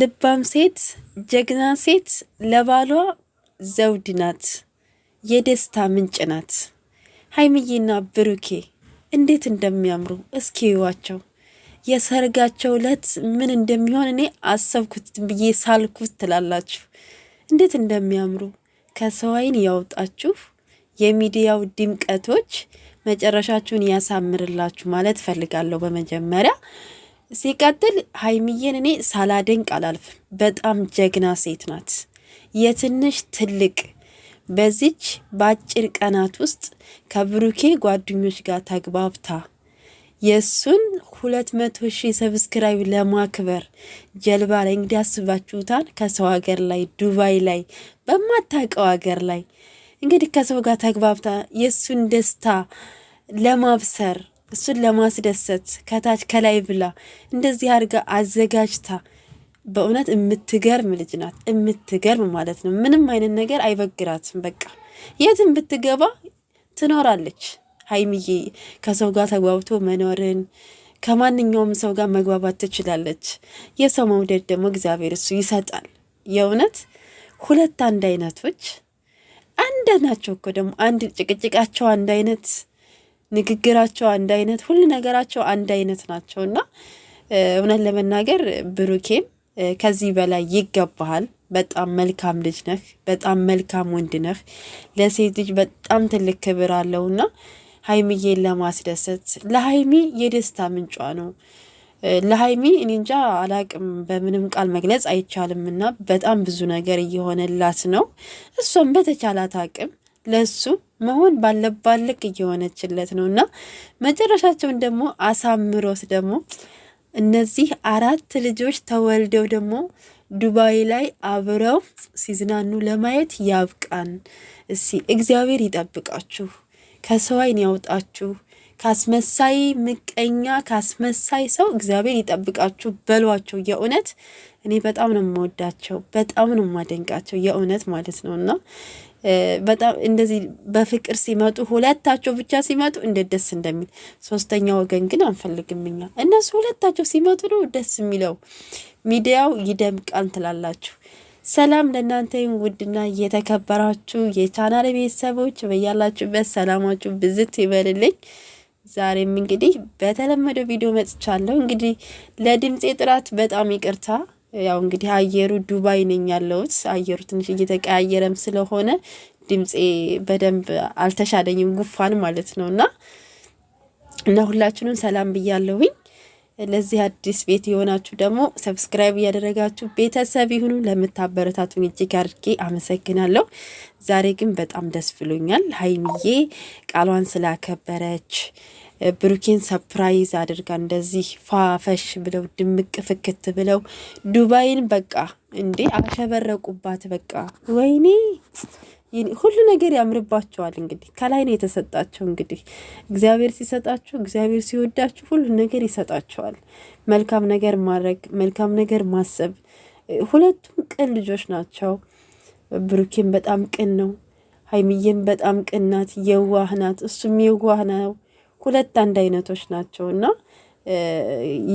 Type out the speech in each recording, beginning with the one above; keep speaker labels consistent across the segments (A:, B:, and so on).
A: ልባም ሴት ጀግና ሴት ለባሏ ዘውድ ናት፣ የደስታ ምንጭ ናት። ሀይምዬና ብሩኬ እንዴት እንደሚያምሩ እስኪ እዩዋቸው። የሰርጋቸው ለት ምን እንደሚሆን እኔ አሰብኩት ብዬ ሳልኩት ትላላችሁ። እንዴት እንደሚያምሩ ከሰው አይን ያውጣችሁ። የሚዲያው ድምቀቶች መጨረሻችሁን ያሳምርላችሁ ማለት ፈልጋለሁ። በመጀመሪያ ሲቀጥል ሀይሚዬን እኔ ሳላደንቅ አላልፍም። በጣም ጀግና ሴት ናት። የትንሽ ትልቅ በዚች በአጭር ቀናት ውስጥ ከብሩኬ ጓደኞች ጋር ተግባብታ የእሱን ሁለት መቶ ሺህ ሰብስክራይብ ለማክበር ጀልባ ላይ እንግዲህ አስባችሁታል። ከሰው ሀገር ላይ ዱባይ ላይ በማታውቀው ሀገር ላይ እንግዲህ ከሰው ጋር ተግባብታ የእሱን ደስታ ለማብሰር እሱን ለማስደሰት ከታች ከላይ ብላ እንደዚህ አድርጋ አዘጋጅታ በእውነት የምትገርም ልጅ ናት። የምትገርም ማለት ነው። ምንም አይነት ነገር አይበግራትም። በቃ የትም ብትገባ ትኖራለች። ሀይሚዬ ከሰው ጋር ተግባብቶ መኖርን ከማንኛውም ሰው ጋር መግባባት ትችላለች። የሰው መውደድ ደግሞ እግዚአብሔር እሱ ይሰጣል። የእውነት ሁለት አንድ አይነቶች አንድ ናቸው እኮ ደግሞ አንድ ጭቅጭቃቸው አንድ አይነት ንግግራቸው አንድ አይነት፣ ሁሉ ነገራቸው አንድ አይነት ናቸው እና እውነት ለመናገር ብሩኬም ከዚህ በላይ ይገባሃል። በጣም መልካም ልጅ ነህ። በጣም መልካም ወንድ ነህ። ለሴት ልጅ በጣም ትልቅ ክብር እና ሀይሚዬን ለማስደሰት ለሀይሚ የደስታ ምንጯ ነው። ለሀይሚ እኔ እንጃ አላቅም፣ በምንም ቃል መግለጽ አይቻልም እና በጣም ብዙ ነገር እየሆነላት ነው። እሷም በተቻላት አቅም ለሱ መሆን ባለባት እየሆነችለት ነው እና መጨረሻቸውን ደግሞ አሳምሮት ደግሞ እነዚህ አራት ልጆች ተወልደው ደግሞ ዱባይ ላይ አብረው ሲዝናኑ ለማየት ያብቃን። እሲ እግዚአብሔር ይጠብቃችሁ፣ ከሰው ዓይን ያውጣችሁ፣ ካስመሳይ ምቀኛ፣ ካስመሳይ ሰው እግዚአብሔር ይጠብቃችሁ በሏቸው። የእውነት እኔ በጣም ነው የምወዳቸው፣ በጣም ነው የማደንቃቸው፣ የእውነት ማለት ነው እና በጣም እንደዚህ በፍቅር ሲመጡ ሁለታቸው ብቻ ሲመጡ እንዴት ደስ እንደሚል። ሶስተኛ ወገን ግን አንፈልግም እኛ። እነሱ ሁለታቸው ሲመጡ ነው ደስ የሚለው። ሚዲያው ይደምቃል ትላላችሁ። ሰላም ለእናንተ ውድና እየተከበራችሁ የቻናል ቤተሰቦች በያላችሁበት ሰላማችሁ ብዝት ይበልልኝ። ዛሬም እንግዲህ በተለመደው ቪዲዮ መጥቻለሁ። እንግዲህ ለድምፄ ጥራት በጣም ይቅርታ ያው እንግዲህ አየሩ ዱባይ ነኝ ያለሁት አየሩ ትንሽ እየተቀያየረም ስለሆነ ድምፄ በደንብ አልተሻለኝም፣ ጉፋን ማለት ነው እና እና ሁላችሁንም ሰላም ብያለሁኝ። ለዚህ አዲስ ቤት የሆናችሁ ደግሞ ሰብስክራይብ እያደረጋችሁ ቤተሰብ ይሁኑ። ለምታበረታቱን እጅግ አድርጌ አመሰግናለሁ። ዛሬ ግን በጣም ደስ ብሎኛል። ሀይሚዬ ቃሏን ስላከበረች ብሩኬን ሰፕራይዝ አድርጋ እንደዚህ ፋፈሽ ብለው ድምቅ ፍክት ብለው ዱባይን በቃ እንዴ አሸበረቁባት። በቃ ወይኔ ሁሉ ነገር ያምርባቸዋል። እንግዲህ ከላይ ነው የተሰጣቸው። እንግዲህ እግዚአብሔር ሲሰጣችሁ፣ እግዚአብሔር ሲወዳችሁ ሁሉ ነገር ይሰጣቸዋል። መልካም ነገር ማድረግ፣ መልካም ነገር ማሰብ። ሁለቱም ቅን ልጆች ናቸው። ብሩኬን በጣም ቅን ነው። ሀይሚዬም በጣም ቅን ናት። የዋህ ናት። እሱም የዋህ ነው። ሁለት አንድ አይነቶች ናቸውና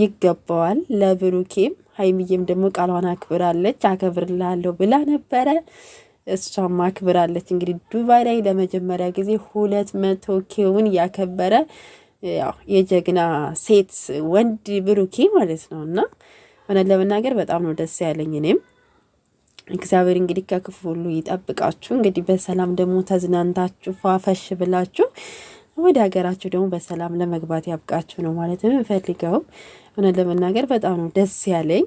A: ይገባዋል። ለብሩኬም ሀይሚዬም ደግሞ ቃሏን አክብራለች። አከብርላለሁ ብላ ነበረ እሷም አክብራለች። እንግዲህ ዱባይ ላይ ለመጀመሪያ ጊዜ ሁለት መቶ ኬውን ያከበረ ያው የጀግና ሴት ወንድ ብሩኬ ማለት ነው እና ሆነ ለመናገር በጣም ነው ደስ ያለኝ። እኔም እግዚአብሔር እንግዲህ ከክፉ ሁሉ ይጠብቃችሁ። እንግዲህ በሰላም ደግሞ ተዝናንታችሁ ፏፈሽ ብላችሁ ወደ ሀገራችሁ ደግሞ በሰላም ለመግባት ያብቃችሁ ነው ማለት የምንፈልገው። እውነት ለመናገር በጣም ነው ደስ ያለኝ።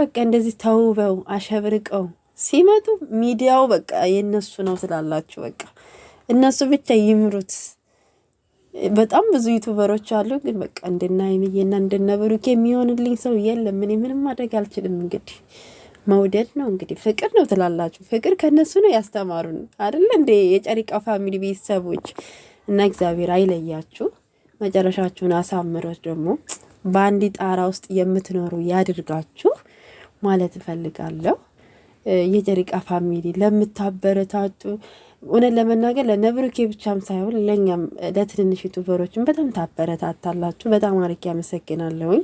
A: በቃ እንደዚህ ተውበው አሸብርቀው ሲመጡ ሚዲያው በቃ የእነሱ ነው ስላላችሁ በቃ እነሱ ብቻ ይምሩት። በጣም ብዙ ዩቱበሮች አሉ፣ ግን በቃ እንድና ሀይሚዬና እንደና የሚሆንልኝ ሰው የለም። እኔ ምንም ማድረግ አልችልም። እንግዲህ መውደድ ነው እንግዲህ ፍቅር ነው ትላላችሁ። ፍቅር ከእነሱ ነው ያስተማሩን አይደለ እንዴ? የጨሪቃ ፋሚሊ ቤተሰቦች እና እግዚአብሔር አይለያችሁ፣ መጨረሻችሁን አሳምሮት ደግሞ በአንድ ጣራ ውስጥ የምትኖሩ ያድርጋችሁ ማለት እፈልጋለሁ። የጨሪቃ ፋሚሊ ለምታበረታቱ እውነት ለመናገር ለነብሩኬ ብቻም ሳይሆን ለእኛም ለትንንሽ ዩቱበሮችን በጣም ታበረታታላችሁ። በጣም አድርጌ አመሰግናለሁኝ።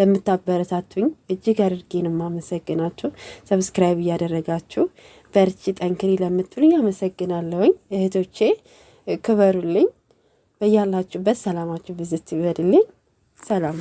A: ለምታበረታቱኝ እጅግ አድርጌን አመሰግናችሁ። ሰብስክራይብ እያደረጋችሁ በርቺ ጠንክሪ ለምትሉኝ አመሰግናለሁኝ እህቶቼ። ክበሩልኝ። በያላችሁበት ሰላማችሁ ብዝት ይበድልኝ። ሰላም